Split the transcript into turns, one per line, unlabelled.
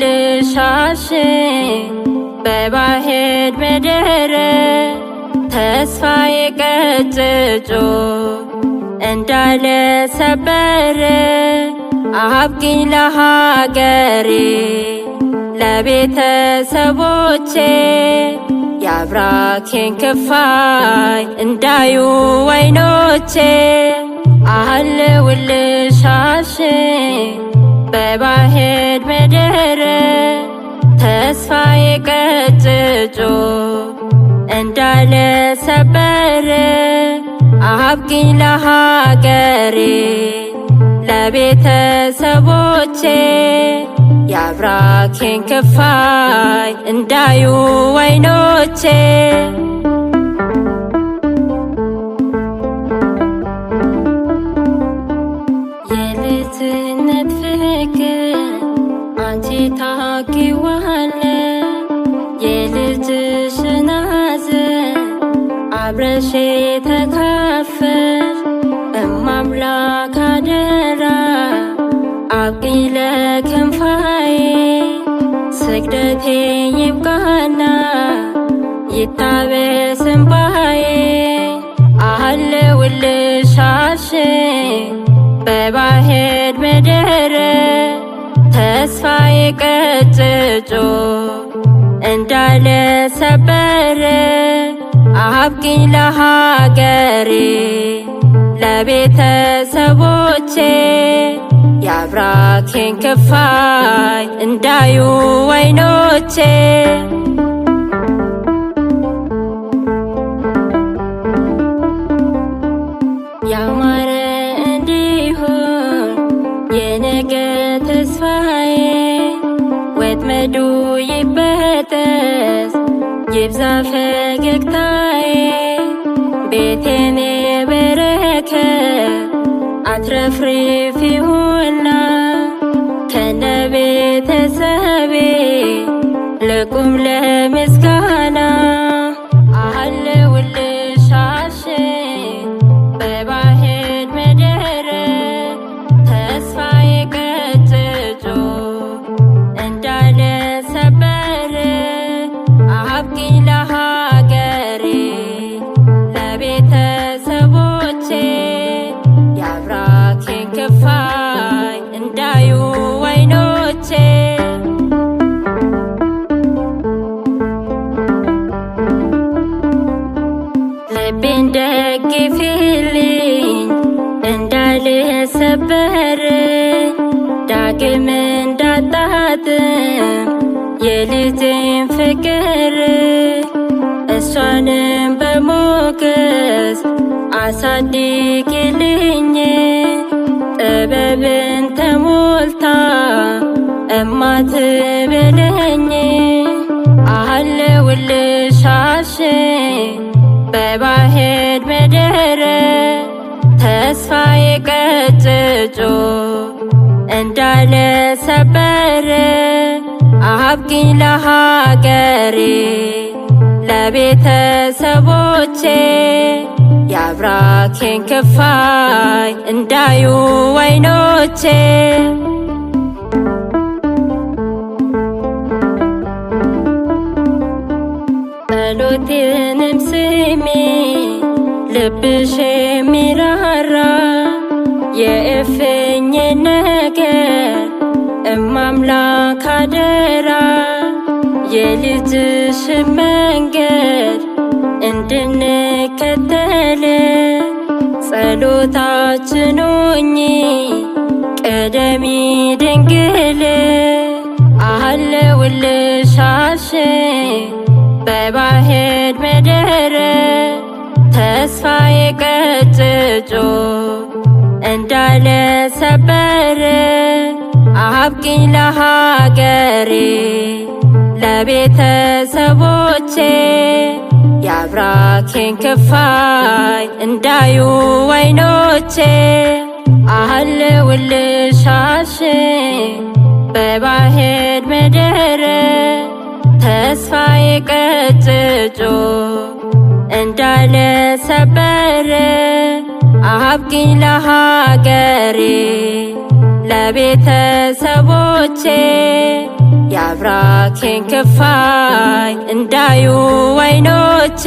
ልሻሽ በባሄድ ምድር ተስፋ የቀጭጩ እንዳለ ሰበር አብቅኝ ለሀገሬ ለቤተሰቦቼ የአብራኬን ክፋይ እንዳዩ ወይኖቼ አለ ውልሻሽ በባህ ቀጭጮ እንዳለ ሰበር አብቅኝ ለሀገሬ ለቤተሰቦቼ የአብራኬን ክፋይ እንዳዩ ወይኖቼ
የልጅነት ፍቅር አንቺ ታኪዋል ተካፈል እማምላክ አደራ አብቂለ ክንፋዬ ስግደቴ ይብቃና ይታበስ እንባዬ አለውልሽ በባሄድ ምድር ተስፋዬ ቀጭጮ እንዳለ አብቅኝ ለሀገሬ ለቤተሰቦቼ የአብራኬን ክፋይ እንዳዩ ወይኖች
ያማረ እንዲሆን የነገ ተስፋዬ ወጥመዱ ይበጠስ ይብዛ ፈገግታዬ ቤቴን የበረከ አትረፍርፍ ይሁና ከነ ቤተሰቤ ለቁም ለምስጋና
ነበር ዳግም እንዳጣሃት የልጅን ፍቅር እሷንም በሞገስ አሳድግልኝ ጥበብን ተሞልታ እማትበለኝ
ተቆርጮ እንዳለ ሰበር አብቅኝ ለሀገሬ ለቤተሰቦቼ የአብራኬን ክፋይ እንዳዩ ወይኖቼ
ጸሎቴንም ስሚ ልብሽ የሚራራ የእፍኝ ነገር እማምላክ አደራ የልጅሽ መንገድ እንድንከተል ጸሎታችን ሆኚ ቀደሚ ድንግል
አለውልሻሽ በባሄድ ምድር ተስፋ የቀጭጮ ያለ ሰበር አብቅኝ ለሀገሬ ለቤተሰቦቼ የአብራኬን ክፋይ እንዳዩ ወይኖቼ አህልውልሻሽ በባሄድ ምድር ተስፋ የቀጭጮ እንዳለ ሰበር አብቅኝ ለሀገሬ ለቤተሰቦቼ የአብራኬን ክፋይ እንዳዩ ወይኖቼ